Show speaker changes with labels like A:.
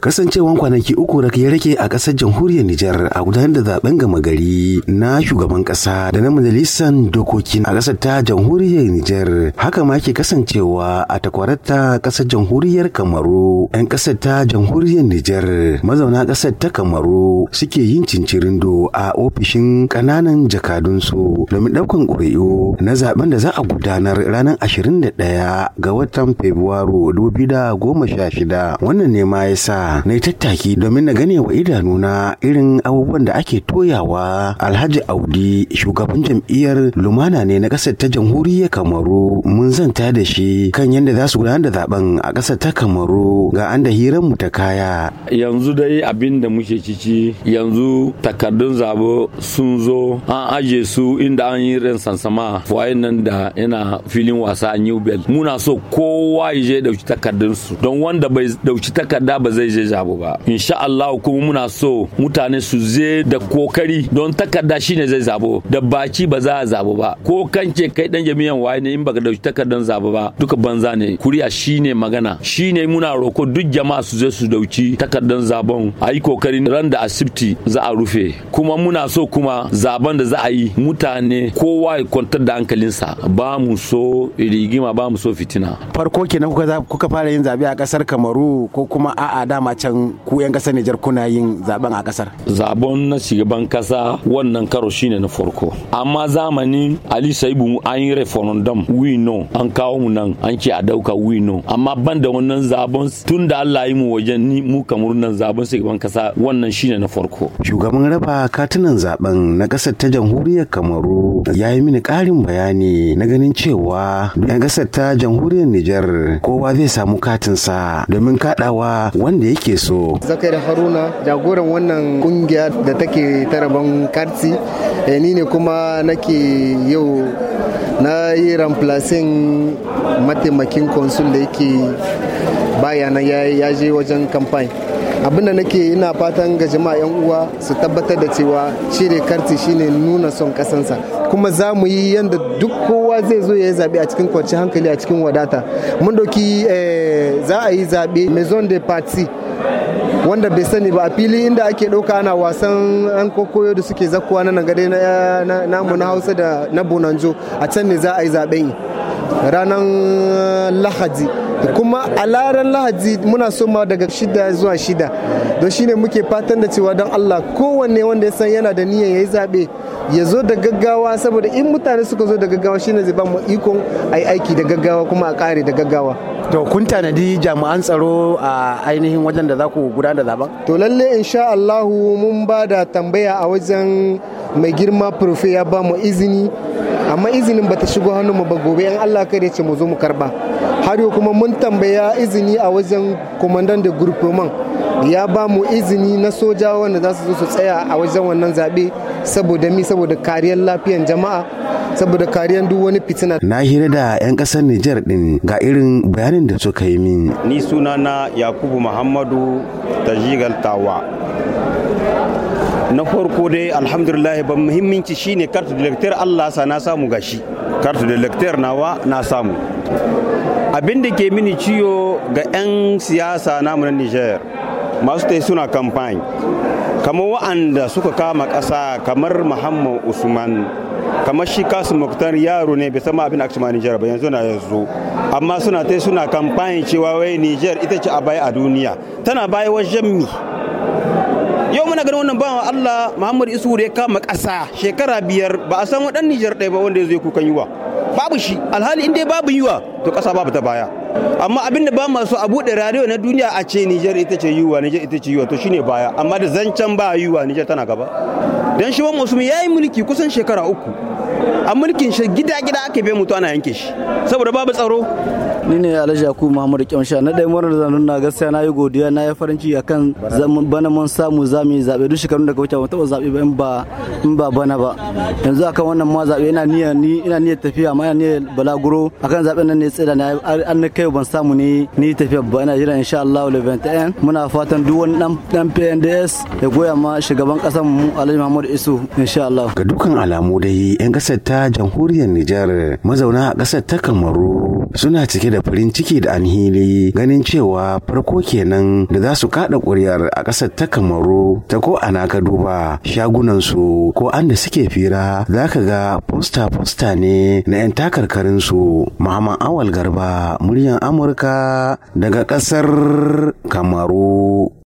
A: kasancewan kwanaki uku da ya rake a ƙasar jamhuriyar Nijar a gudanar da zaben gama gari na shugaban ƙasa da na majalisar dokokin a ƙasar ta jamhuriyar Nijar haka ma ke kasancewa a takwararta ta ƙasar jamhuriyar Kamaru Yan ƙasar ta jamhuriyar Nijar mazauna ƙasar ta Kamaru suke yin cincirindo a ofishin ƙananan jakadunsu domin ɗaukan ƙuri'u na zaben da za a gudanar ranar ashirin da 21 ga watan Fabrairu 2016 wannan ne ma ya sa na yi tattaki domin na gane wa idanuna irin abubuwan da ake toyawa alhaji audi shugaban jam'iyyar lumana ne na ƙasar ta jamhuriyar kamaru mun zanta da shi kan yadda za su gudanar da zaben a ƙasar ta kamaru ga an da hirar mu ta kaya
B: yanzu dai abin da muke ciki yanzu takardun zabo sun zo an aje su inda an yi ran sansama fuwayen nan da yana filin wasa a new bell muna so kowa ya je dauki takardun su don wanda bai dauki takarda ba zai je zai zabu ba insha Allah kuma muna so mutane su je da kokari don takarda shine zai zabo da baki ba za a zabo ba ko kance kai dan jami'an waye ne in baka dauki takardan zabo ba duka banza ne kuriya shine magana shine muna roko duk jama'a su je su dauki takardan zabon ayi yi kokarin ran da asibiti za a rufe kuma muna so kuma zaben da za a yi mutane kowa ya kwantar da hankalinsa ba mu so rigima ba mu so fitina
A: farko kenan kuka kuka fara yin zabe a kasar Kamaru ko kuma a'a dama dama can ku 'yan kasar Nijar kuna yin zaben a
B: kasar? Zaben na shugaban kasa wannan karo shine na farko. Amma zamani Ali Saibu an yi referendum we no an kawo mu nan an ce a dauka we no amma ban da wannan zaben tun da Allah yi mu wajen ni mu kamar nan zaben shugaban kasa wannan shine na farko. Shugaban
A: raba katunan zaben na kasar ta jamhuriyar Kamaru ya yi mini ƙarin bayani na ganin cewa 'yan kasar ta jamhuriyar Nijar kowa zai samu katin sa domin kaɗawa wanda ya yake so.
C: Zakari Haruna jagoran wannan kungiya da take taraban karti eh, ni ne kuma nake yau na yi ramplasin mataimakin konsul da yake bayana ya je wajen kamfani. abinda nake ina fatan ga jama'a 'yan uwa su tabbatar da cewa shirya karti shine nuna son kasansa kuma za mu yi yadda duk kowa zai zo ya yi zaɓe a cikin kwanci hankali a cikin wadata mun doki eh, za a yi zaɓe maison de parti wanda bai sani ba a fili inda ake ɗauka ana wasan an kokoyo da suke zakuwa na nagare na na hausa da na bonanjo a can ne za a yi zaben ranar eh, lahadi kuma a laran lahadi muna so ma daga shida zuwa shida don shine muke fatan da cewa don allah kowanne wanda ya san yana da niyan ya yi zaɓe ya zo da gaggawa saboda in mutane suka zo da gaggawa shine zai ba mu ikon a yi aiki da gaggawa
A: kuma a kare da gaggawa to kun tanadi jami'an tsaro a ainihin wajen da za ku gudanar da zaben to
C: lalle insha Allah mun ba da tambaya a wajen mai girma profe ya ba mu izini amma izinin bata shigo hannun mu ba gobe in Allah kai ce mu zo mu karba har yau kuma mun tambaya izini a wajen komandan da gurfoman ya ba mu izini na soja wanda za su zo su tsaya a wajen wannan zaɓe saboda mi saboda kariyar lafiyan jama'a saboda kariyar duk wani fitina na hira da yan kasar Nijar
A: din ga irin bayanin da suka yi min
D: ni suna na Yakubu Muhammadu Tajigal Tawa na farko dai alhamdulillah ban muhimminci shine kartu da Allah sa na samu gashi kartu da nawa na samu abin da ke mini ciyo ga 'yan siyasa namu na Nijar masu ta suna kamfani kamar wa'anda suka kama ƙasa kamar muhammad usman kamar shi kasu muktar yaro ne bai sama abin aksuma Nijar ba yanzu na yanzu amma suna ta suna kamfani cewa wai Nijar ita ce a baya a duniya tana baya wajen mi yau muna ganin wannan bawan Allah Muhammad Isu ya kama ƙasa shekara biyar ba a san waɗannan Nijar ɗaya ba wanda ya zo kukan yiwa babu shi alhali in dai babu yiwa to kasa babu ta baya amma abin da ba masu a buɗe radio na duniya a ce Nijar ita ce yiwa Nijar ita ce yiwa to shine baya amma da zancen ba yiwa Nijar tana gaba dan shi musu ya yi mulki kusan shekara uku a mulkin shi gida gida aka bai mutu ana yanke shi saboda babu tsaro
A: ni ne alhaji yakubu muhammadu kyamsha na ɗaya murar da na gaskiya na yi godiya na yi farin ciki akan bana mun samu zamu yi zaɓe duk shekarun da ka wuce taɓa zaɓe ba in ba bana ba yanzu akan wannan ma zaɓe ina niyyar ni ina niyyar tafiya ma ina niyyar balaguro akan zaɓen nan ne tsira na an kai ban samu ni ni tafiya ba ina jira insha Allah le 21 muna fatan duk wani dan dan PNDS ya goya ma shugaban ƙasar mu alhaji muhammadu isu insha Allah ga dukkan alamu dai yan ƙasar ta jamhuriyar Nijar mazauna a ƙasar ta Kamaru suna cike da da farin ciki da hili, ganin cewa farko kenan da za su kada ƙuri'ar a ƙasar ta kamaru ta ko ana ka duba shagunan su ko an da suke fira za ka ga posta posta ne na 'yan takarkarin su muhammad awal garba muryan amurka daga ƙasar kamaru